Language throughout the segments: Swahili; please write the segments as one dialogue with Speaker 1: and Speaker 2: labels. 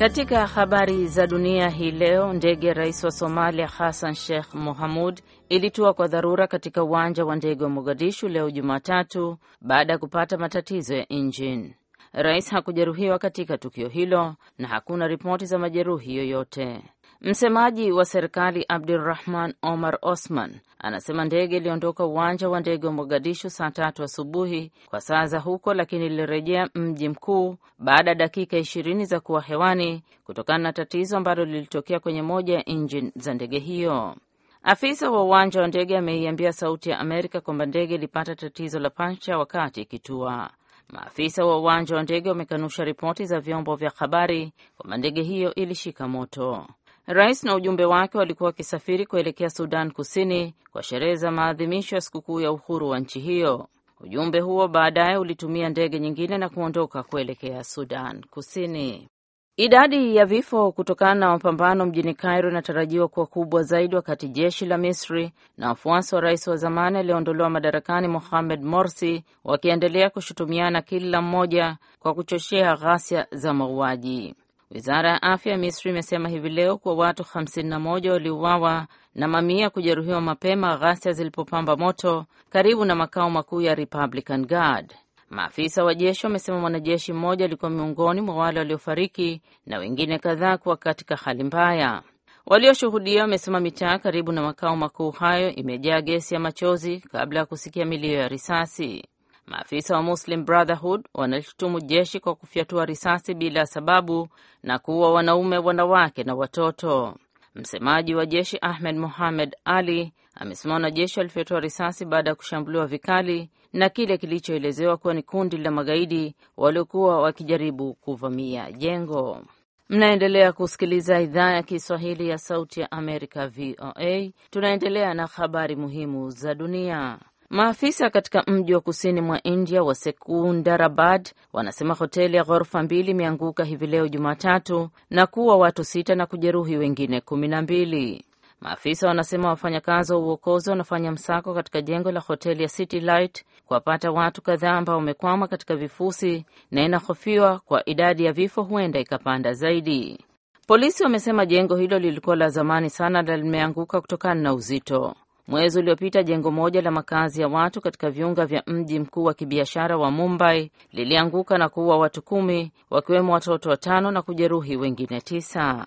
Speaker 1: Katika habari za dunia hii leo, ndege ya rais wa Somalia Hassan Sheikh Mohamud ilitua kwa dharura katika uwanja wa ndege wa Mogadishu leo Jumatatu baada ya kupata matatizo ya injini. Rais hakujeruhiwa katika tukio hilo na hakuna ripoti za majeruhi yoyote. Msemaji wa serikali Abdurrahman Omar Osman anasema ndege iliondoka uwanja wa ndege wa Mogadishu saa tatu asubuhi kwa saa za huko, lakini ilirejea mji mkuu baada ya dakika ishirini za kuwa hewani kutokana na tatizo ambalo lilitokea kwenye moja ya injini za ndege hiyo. Afisa wa uwanja wa ndege ameiambia Sauti ya Amerika kwamba ndege ilipata tatizo la pancha wakati ikitua. Maafisa wa uwanja wa ndege wamekanusha ripoti za vyombo vya habari kwamba ndege hiyo ilishika moto. Rais na ujumbe wake walikuwa wakisafiri kuelekea Sudan Kusini kwa sherehe za maadhimisho ya sikukuu ya uhuru wa nchi hiyo. Ujumbe huo baadaye ulitumia ndege nyingine na kuondoka kuelekea Sudan Kusini. Idadi ya vifo kutokana na mapambano mjini Cairo inatarajiwa kuwa kubwa zaidi wakati jeshi la Misri na wafuasi wa rais wa zamani aliyeondolewa madarakani Mohamed Morsi wakiendelea kushutumiana kila mmoja kwa kuchochea ghasia za mauaji. Wizara ya afya ya Misri imesema hivi leo kuwa watu 51 waliuawa na mamia kujeruhiwa mapema ghasia zilipopamba moto karibu na makao makuu ya Republican Guard. Maafisa wa jeshi wamesema mwanajeshi mmoja alikuwa miongoni mwa wale waliofariki na wengine kadhaa kuwa katika hali mbaya. Walioshuhudia wamesema mitaa karibu na makao makuu hayo imejaa gesi ya machozi kabla ya kusikia milio ya risasi. Maafisa wa Muslim Brotherhood wanashutumu jeshi kwa kufyatua risasi bila sababu na kuua wanaume, wanawake na watoto. Msemaji wa jeshi Ahmed Mohamed Ali amesema wanajeshi walifyatua risasi baada ya kushambuliwa vikali na kile kilichoelezewa kuwa ni kundi la magaidi waliokuwa wakijaribu kuvamia jengo. Mnaendelea kusikiliza idhaa ya Kiswahili ya Sauti ya Amerika, VOA. Tunaendelea na habari muhimu za dunia. Maafisa katika mji wa kusini mwa India wa Sekundarabad wanasema hoteli ya ghorofa mbili imeanguka hivi leo Jumatatu na kuua watu sita na kujeruhi wengine kumi na mbili. Maafisa wanasema wafanyakazi wa uokozi wanafanya msako katika jengo la hoteli ya City Light kuwapata watu kadhaa ambao wamekwama katika vifusi, na inahofiwa kwa idadi ya vifo huenda ikapanda zaidi. Polisi wamesema jengo hilo lilikuwa la zamani sana na limeanguka kutokana na uzito. Mwezi uliopita jengo moja la makazi ya watu katika viunga vya mji mkuu wa kibiashara wa Mumbai lilianguka na kuua watu kumi wakiwemo watoto watano na kujeruhi wengine tisa.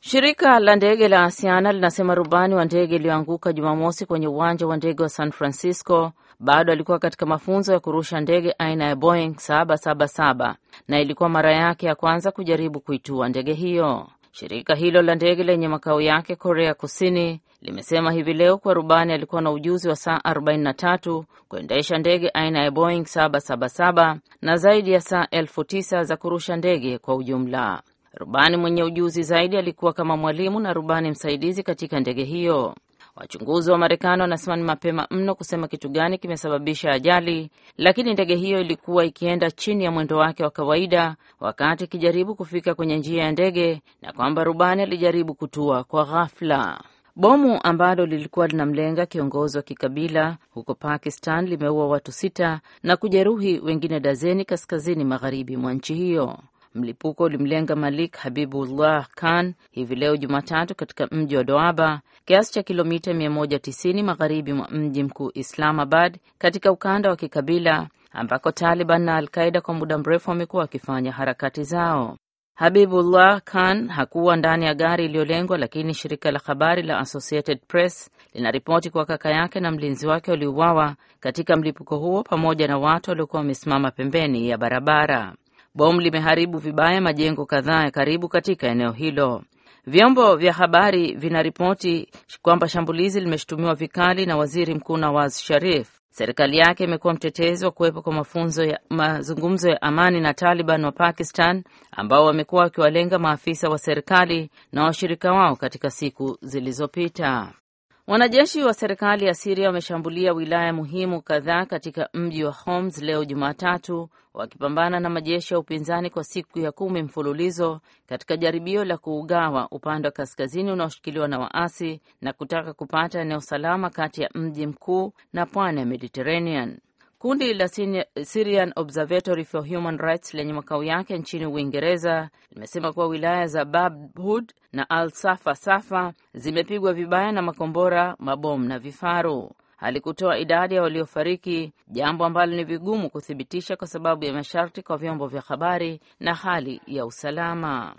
Speaker 1: Shirika la ndege la Asiana linasema rubani wa ndege iliyoanguka Jumamosi kwenye uwanja wa ndege wa San Francisco bado alikuwa katika mafunzo ya kurusha ndege aina ya Boeing 777 na ilikuwa mara yake ya kwanza kujaribu kuitua ndege hiyo. Shirika hilo la ndege lenye makao yake Korea Kusini limesema hivi leo kuwa rubani alikuwa na ujuzi wa saa 43 kuendesha ndege aina ya Boeing 777 na zaidi ya saa elfu tisa za kurusha ndege kwa ujumla. Rubani mwenye ujuzi zaidi alikuwa kama mwalimu na rubani msaidizi katika ndege hiyo. Wachunguzi wa Marekani wanasema ni mapema mno kusema kitu gani kimesababisha ajali, lakini ndege hiyo ilikuwa ikienda chini ya mwendo wake wa kawaida wakati ikijaribu kufika kwenye njia ya ndege na kwamba rubani alijaribu kutua kwa ghafla. Bomu ambalo lilikuwa linamlenga kiongozi wa kikabila huko Pakistan limeua watu sita na kujeruhi wengine dazeni kaskazini magharibi mwa nchi hiyo. Mlipuko ulimlenga Malik Habibullah Khan hivi leo Jumatatu katika mji wa Doaba, kiasi cha kilomita 190 magharibi mwa mji mkuu Islamabad, katika ukanda wa kikabila ambako Taliban na alqaida kwa muda mrefu wamekuwa wakifanya harakati zao. Habibullah Khan hakuwa ndani ya gari iliyolengwa, lakini shirika la habari la Associated Press linaripoti kuwa kaka yake na mlinzi wake waliuawa katika mlipuko huo pamoja na watu waliokuwa wamesimama pembeni ya barabara. Bomu limeharibu vibaya majengo kadhaa ya karibu katika eneo hilo. Vyombo vya habari vinaripoti kwamba shambulizi limeshutumiwa vikali na Waziri Mkuu Nawaz Sharif. Serikali yake imekuwa mtetezi wa kuwepo kwa mafunzo ya mazungumzo ya amani na Taliban wa Pakistan ambao wamekuwa wakiwalenga maafisa wa serikali na washirika wao katika siku zilizopita. Wanajeshi wa serikali ya Siria wameshambulia wilaya muhimu kadhaa katika mji wa Homs leo Jumatatu, wakipambana na majeshi ya upinzani kwa siku ya kumi mfululizo katika jaribio la kuugawa upande wa kaskazini unaoshikiliwa na waasi na kutaka kupata eneo salama kati ya mji mkuu na pwani ya Mediterranean. Kundi la Syrian Observatory for Human Rights lenye makao yake nchini Uingereza limesema kuwa wilaya za babhud na Al Safa Safa zimepigwa vibaya na makombora, mabomu na vifaru. Halikutoa idadi ya waliofariki, jambo ambalo ni vigumu kuthibitisha kwa sababu ya masharti kwa vyombo vya habari na hali ya usalama.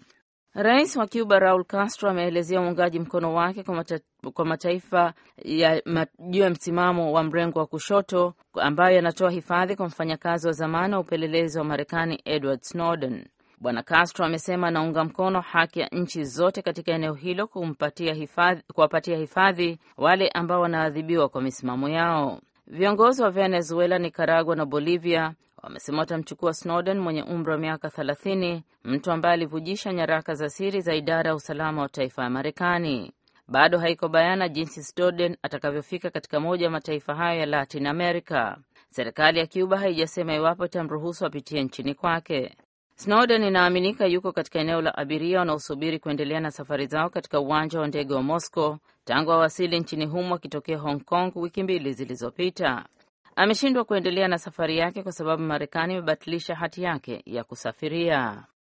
Speaker 1: Rais wa Cuba Raul Castro ameelezea uungaji mkono wake kwa, mata, kwa mataifa ya juu ya msimamo wa mrengo wa kushoto ambayo yanatoa hifadhi kwa mfanyakazi wa zamani wa upelelezi wa Marekani Edward Snowden. Bwana Castro amesema anaunga mkono haki ya nchi zote katika eneo hilo kumpatia hifadhi, kuwapatia hifadhi wale ambao wanaadhibiwa kwa misimamo yao. Viongozi wa Venezuela, Nicaragua na Bolivia wamesema watamchukua Snowden mwenye umri wa miaka 30, mtu ambaye alivujisha nyaraka za siri za idara ya usalama wa taifa ya Marekani. Bado haiko bayana jinsi Snowden atakavyofika katika moja ya mataifa hayo ya Latin America. Serikali ya Cuba haijasema iwapo itamruhusu apitie nchini kwake. Snowden inaaminika yuko katika eneo la abiria wanaosubiri kuendelea na safari zao katika uwanja wa ndege wa Moscow tangu awasili nchini humo akitokea Hong Kong wiki mbili zilizopita ameshindwa kuendelea na safari yake kwa sababu Marekani imebatilisha hati yake ya kusafiria.